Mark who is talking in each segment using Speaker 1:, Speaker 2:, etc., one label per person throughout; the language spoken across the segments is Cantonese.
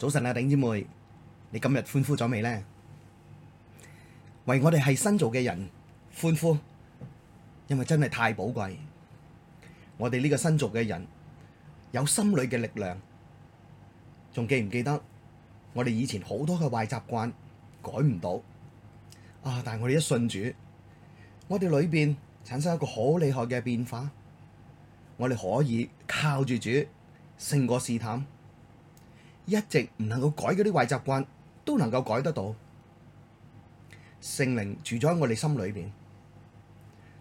Speaker 1: 早晨啊，頂姐妹，你今日歡呼咗未呢？為我哋係新造嘅人歡呼，因為真係太寶貴。我哋呢個新造嘅人有心裡嘅力量，仲記唔記得我哋以前好多嘅壞習慣改唔到啊？但係我哋一信主，我哋裏邊產生一個好厲害嘅變化，我哋可以靠住主勝過試探。一直唔能夠改嗰啲壞習慣，都能夠改得到。聖靈住咗喺我哋心裏邊，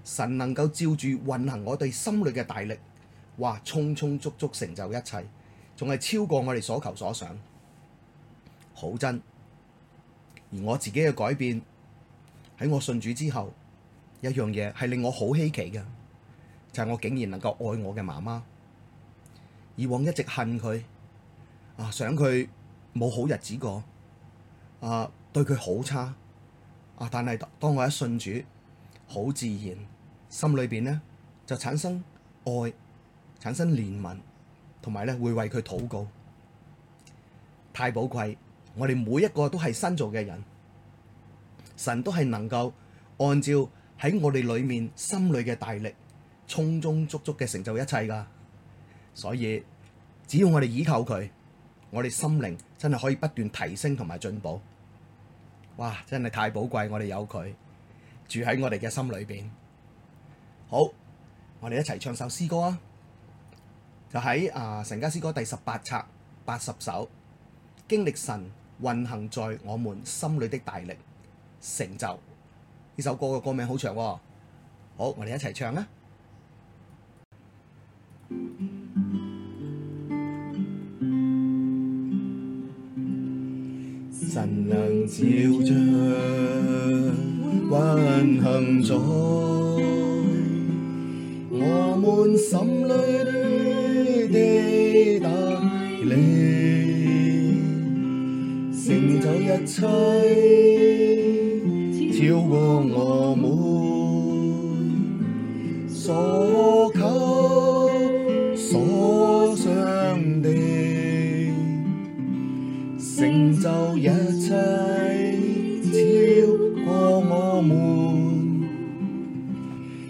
Speaker 1: 神能夠照住運行我哋心裡嘅大力，哇充充足足成就一切，仲係超過我哋所求所想，好真。而我自己嘅改變喺我信主之後，一樣嘢係令我好稀奇嘅，就係我竟然能夠愛我嘅媽媽，以往一直恨佢。啊！想佢冇好日子過，啊對佢好差，啊但係當我一信主，好自然，心裏邊咧就產生愛，產生憐憫，同埋咧會為佢禱告，太寶貴！我哋每一個都係新造嘅人，神都係能夠按照喺我哋裏面心裏嘅大力，充充足足嘅成就一切㗎。所以只要我哋倚靠佢。我哋心靈真係可以不斷提升，同埋進步，哇！真係太寶貴，我哋有佢住喺我哋嘅心裏邊。好，我哋一齊唱首詩歌啊！就喺啊神家詩歌第十八冊八十首，經歷神運行在我們心裏的大力成就。呢首歌嘅歌名好長喎，好，我哋一齊唱啊！照着運行在，我們心裏裏的大力，成就一切。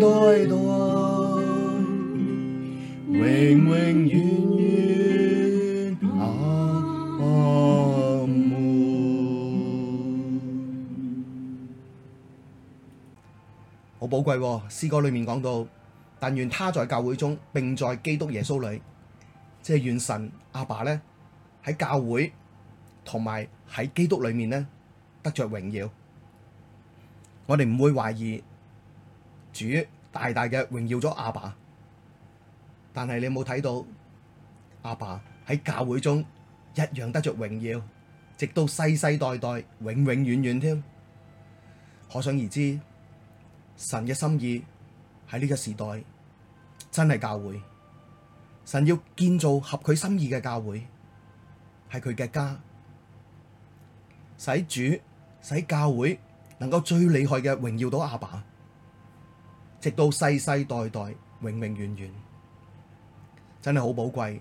Speaker 1: 代代永永遠遠阿門，好寶貴。詩歌裏面講到，但願他在教會中，並在基督耶穌裏，即係願神阿爸呢喺教會同埋喺基督裏面呢得着榮耀。我哋唔會懷疑。主大大嘅榮耀咗阿爸，但係你有冇睇到阿爸喺教會中一樣得着榮耀，直到世世代代永永遠遠遠添？可想而知，神嘅心意喺呢個時代真係教會，神要建造合佢心意嘅教會，係佢嘅家，使主使教會能夠最厲害嘅榮耀到阿爸。直到世世代代永永遠遠，真係好寶貴。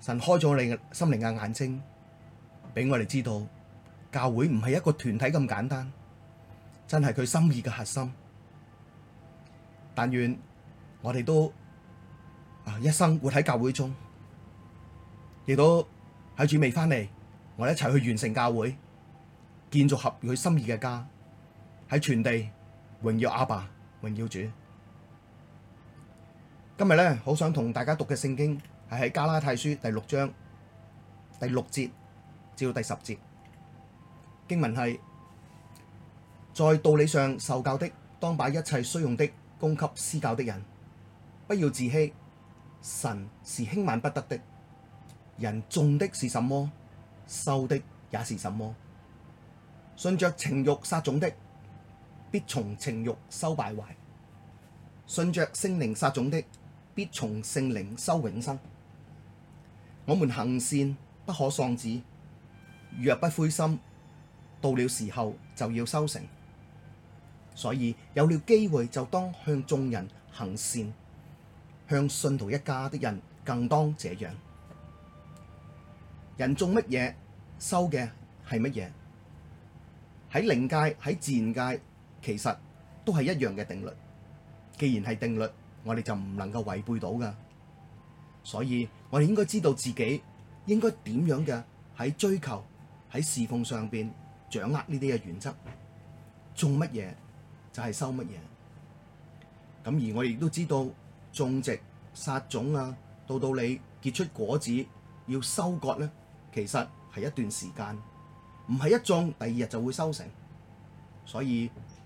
Speaker 1: 神開咗你心靈嘅眼睛，俾我哋知道教會唔係一個團體咁簡單，真係佢心意嘅核心。但願我哋都啊一生活喺教會中，亦都喺主未翻嚟，我哋一齊去完成教會，建造合佢心意嘅家，喺全地榮耀阿爸。榮耀主！今日呢，好想同大家讀嘅聖經係喺加拉太書第六章第六節至到第十節經文係：在道理上受教的，當把一切需用的供給施教的人，不要自欺。神是輕慢不得的。人種的是什麼，收的也是什麼。順著情欲撒種的。必從情欲收敗壞，順着聖靈撒種的，必從聖靈收永生。我們行善不可喪志，若不灰心，到了時候就要收成。所以，有了機會就當向眾人行善，向信徒一家的人更當這樣。人種乜嘢，收嘅係乜嘢？喺靈界，喺自然界。其實都係一樣嘅定律。既然係定律，我哋就唔能夠違背到㗎。所以我哋應該知道自己應該點樣嘅喺追求、喺侍奉上邊掌握呢啲嘅原則。種乜嘢就係收乜嘢。咁而我哋亦都知道種植、撒種啊，到到你結出果子要收割呢，其實係一段時間，唔係一種第二日就會收成。所以。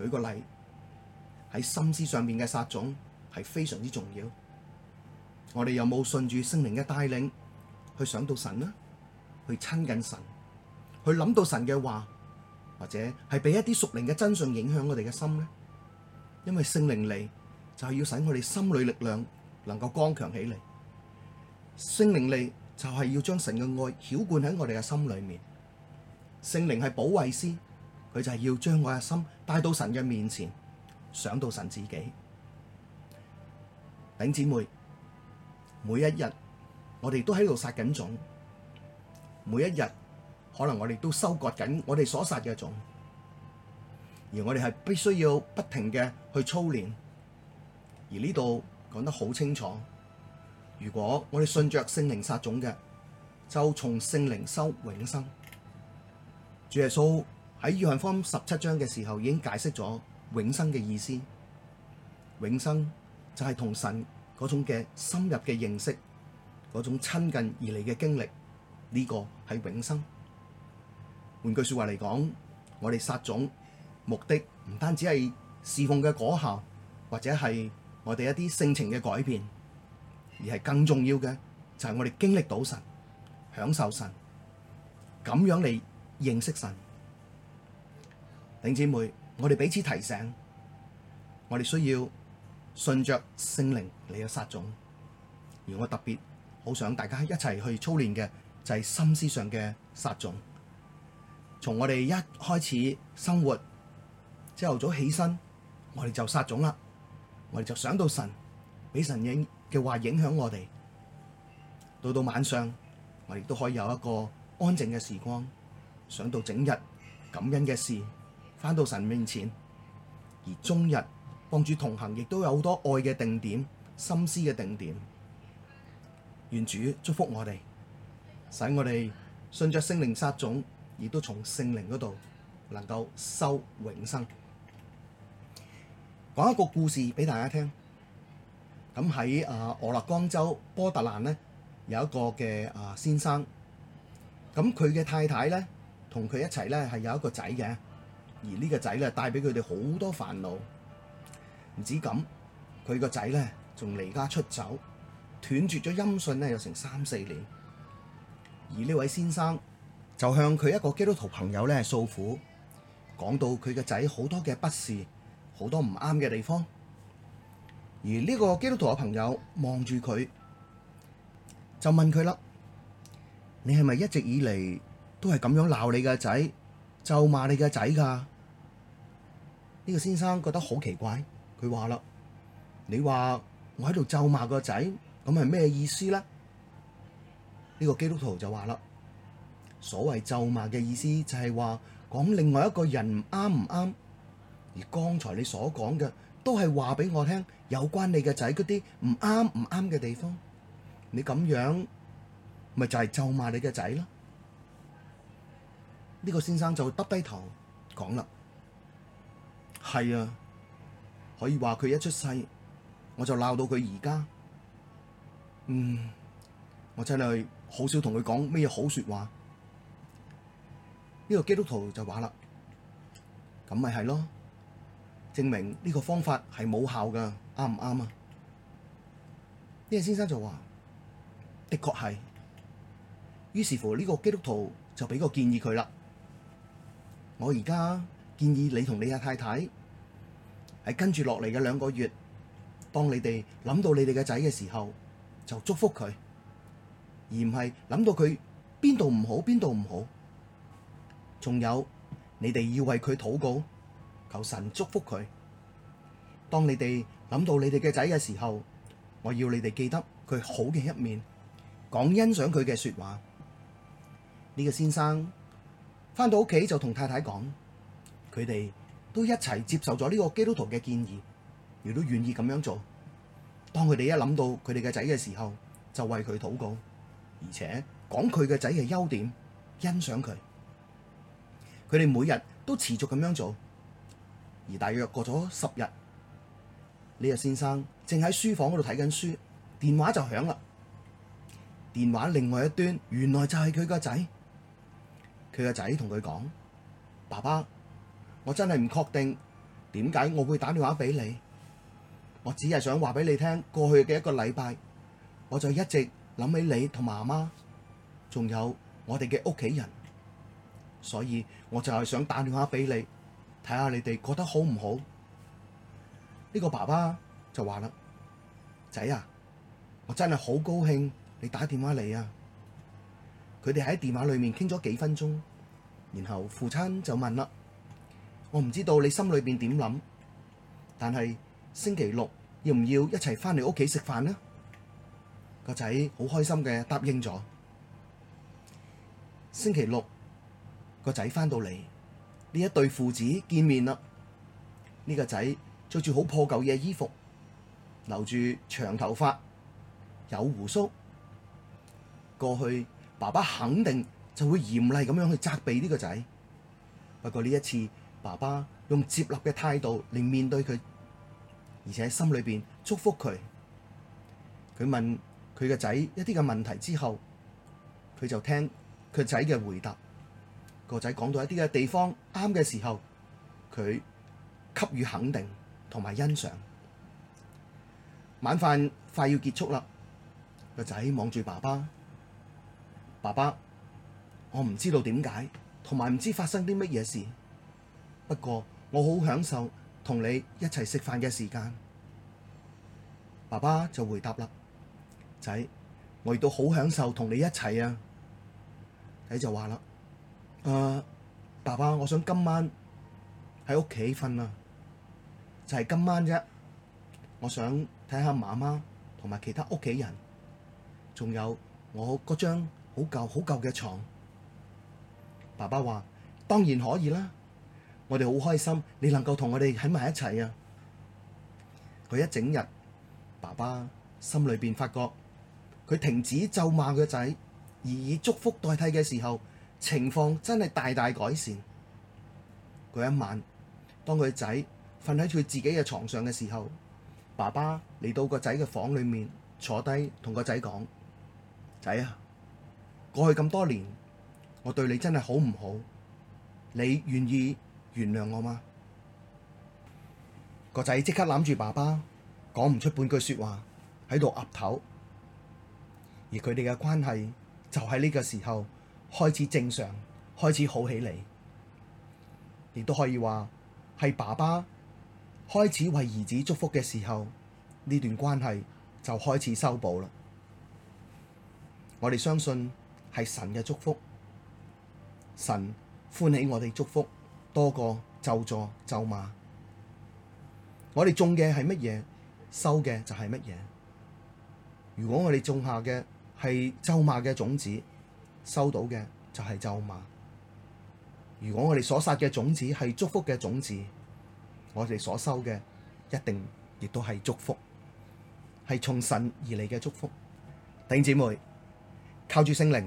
Speaker 1: 舉個例，喺心思上面嘅撒種係非常之重要。我哋有冇順住聖靈嘅帶領去想到神呢？去親近神，去諗到神嘅話，或者係俾一啲屬靈嘅真相影響我哋嘅心呢？因為聖靈嚟就係要使我哋心裏力量能夠剛強起嚟，聖靈嚟就係要將神嘅愛澆灌喺我哋嘅心裏面。聖靈係保惠師。佢就係要將我嘅心帶到神嘅面前，想到神自己。丁姊妹，每一日我哋都喺度撒緊種，每一日可能我哋都收割緊我哋所撒嘅種，而我哋係必須要不停嘅去操練。而呢度講得好清楚，如果我哋順着聖靈撒種嘅，就從聖靈收永生。主耶穌。喺約翰福音十七章嘅時候，已經解釋咗永生嘅意思。永生就係同神嗰種嘅深入嘅認識，嗰種親近而嚟嘅經歷，呢個係永生。換句說話嚟講，我哋殺種目的唔單止係侍奉嘅果效，或者係我哋一啲性情嘅改變，而係更重要嘅就係我哋經歷到神、享受神，咁樣嚟認識神。弟兄姐妹，我哋彼此提醒，我哋需要順着聖靈嚟嘅撒種。而我特別好想大家一齊去操練嘅就係、是、心思上嘅撒種。從我哋一開始生活朝頭早起身，我哋就撒種啦。我哋就想到神俾神影嘅話影響我哋。到到晚上，我哋都可以有一個安靜嘅時光，想到整日感恩嘅事。返到神面前，而終日幫住同行，亦都有好多愛嘅定點、心思嘅定點。願主祝福我哋，使我哋順着聖靈撒種，亦都從聖靈嗰度能夠收永生。講一個故事俾大家聽。咁喺啊俄勒岡州波特蘭呢，有一個嘅啊先生，咁佢嘅太太呢，同佢一齊呢，係有一個仔嘅。而呢個仔咧帶俾佢哋好多煩惱，唔止咁，佢個仔咧仲離家出走，斷絕咗音訊咧有成三四年。而呢位先生就向佢一個基督徒朋友咧訴苦，講到佢嘅仔好多嘅不是，好多唔啱嘅地方。而呢個基督徒嘅朋友望住佢，就問佢啦：你係咪一直以嚟都係咁樣鬧你嘅仔？咒罵你嘅仔㗎？呢個先生覺得好奇怪，佢話啦：你話我喺度咒罵個仔，咁係咩意思咧？呢個基督徒就話啦：所謂咒罵嘅意思就係話講另外一個人唔啱唔啱，而剛才你所講嘅都係話俾我聽有關你嘅仔嗰啲唔啱唔啱嘅地方，你咁樣咪就係咒罵你嘅仔囉。呢個先生就耷低頭講啦，係啊，可以話佢一出世我就鬧到佢而家，嗯，我真係好少同佢講咩好説話。呢個基督徒就話啦，咁咪係咯，證明呢個方法係冇效噶，啱唔啱啊？呢個先生就話：的確係。於是乎呢個基督徒就俾個建議佢啦。我而家建議你同你阿太太，喺跟住落嚟嘅兩個月，當你哋諗到你哋嘅仔嘅時候，就祝福佢，而唔係諗到佢邊度唔好邊度唔好。仲有，你哋要為佢禱告，求神祝福佢。當你哋諗到你哋嘅仔嘅時候，我要你哋記得佢好嘅一面，講欣賞佢嘅說話。呢個先生。翻到屋企就同太太講，佢哋都一齊接受咗呢個基督徒嘅建議，亦都願意咁樣做。當佢哋一諗到佢哋嘅仔嘅時候，就為佢禱告，而且講佢嘅仔嘅優點，欣賞佢。佢哋每日都持續咁樣做，而大約過咗十日，呢日先生正喺書房嗰度睇緊書，電話就響啦。電話另外一端，原來就係佢個仔。佢個仔同佢講：爸爸，我真係唔確定點解我會打電話俾你。我只係想話俾你聽，過去嘅一個禮拜，我就一直諗起你同媽媽，仲有我哋嘅屋企人，所以我就係想打電話俾你，睇下你哋覺得好唔好。呢個爸爸就話啦：仔啊，我真係好高興你打電話嚟啊！佢哋喺電話裏面傾咗幾分鐘。然後父親就問啦，我唔知道你心裏邊點諗，但係星期六要唔要一齊翻嚟屋企食飯呢？個仔好開心嘅答應咗。星期六個仔翻到嚟，呢一對父子見面啦。呢個仔着住好破舊嘅衣服，留住長頭髮，有鬍鬚。過去爸爸肯定。就會嚴厲咁樣去責備呢個仔。不過呢一次，爸爸用接納嘅態度嚟面對佢，而且喺心裏邊祝福佢。佢問佢個仔一啲嘅問題之後，佢就聽佢仔嘅回答。個仔講到一啲嘅地方啱嘅時候，佢給予肯定同埋欣賞。晚飯快要結束啦，個仔望住爸爸，爸爸。我唔知道點解，同埋唔知發生啲乜嘢事。不過我好享受同你一齊食飯嘅時間。爸爸就回答啦，仔，我亦都好享受同你一齊啊。仔就話啦，誒、呃，爸爸，我想今晚喺屋企瞓啊，就係、是、今晚啫。我想睇下媽媽同埋其他屋企人，仲有我嗰張好舊好舊嘅床。爸爸話：當然可以啦，我哋好開心，你能夠同我哋喺埋一齊啊！佢一整日，爸爸心裏邊發覺，佢停止咒罵個仔，而以祝福代替嘅時候，情況真係大大改善。佢一晚，當佢仔瞓喺佢自己嘅床上嘅時候，爸爸嚟到個仔嘅房裏面坐低，同個仔講：仔啊，過去咁多年。我對你真係好唔好？你願意原諒我嗎？個仔即刻攬住爸爸，講唔出半句説話，喺度岌頭。而佢哋嘅關係就喺呢個時候開始正常，開始好起嚟。亦都可以話係爸爸開始為兒子祝福嘅時候，呢段關係就開始修補啦。我哋相信係神嘅祝福。神歡喜我哋祝福多過咒詛咒罵。我哋種嘅係乜嘢，收嘅就係乜嘢。如果我哋種下嘅係咒罵嘅種子，收到嘅就係咒罵。如果我哋所撒嘅種子係祝福嘅種子，我哋所收嘅一定亦都係祝福，係從神而嚟嘅祝福。弟兄姊妹，靠住聖靈。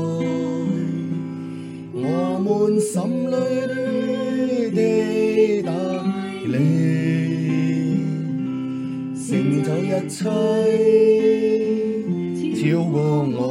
Speaker 1: 滿心裏的大力，成就一切，超過我。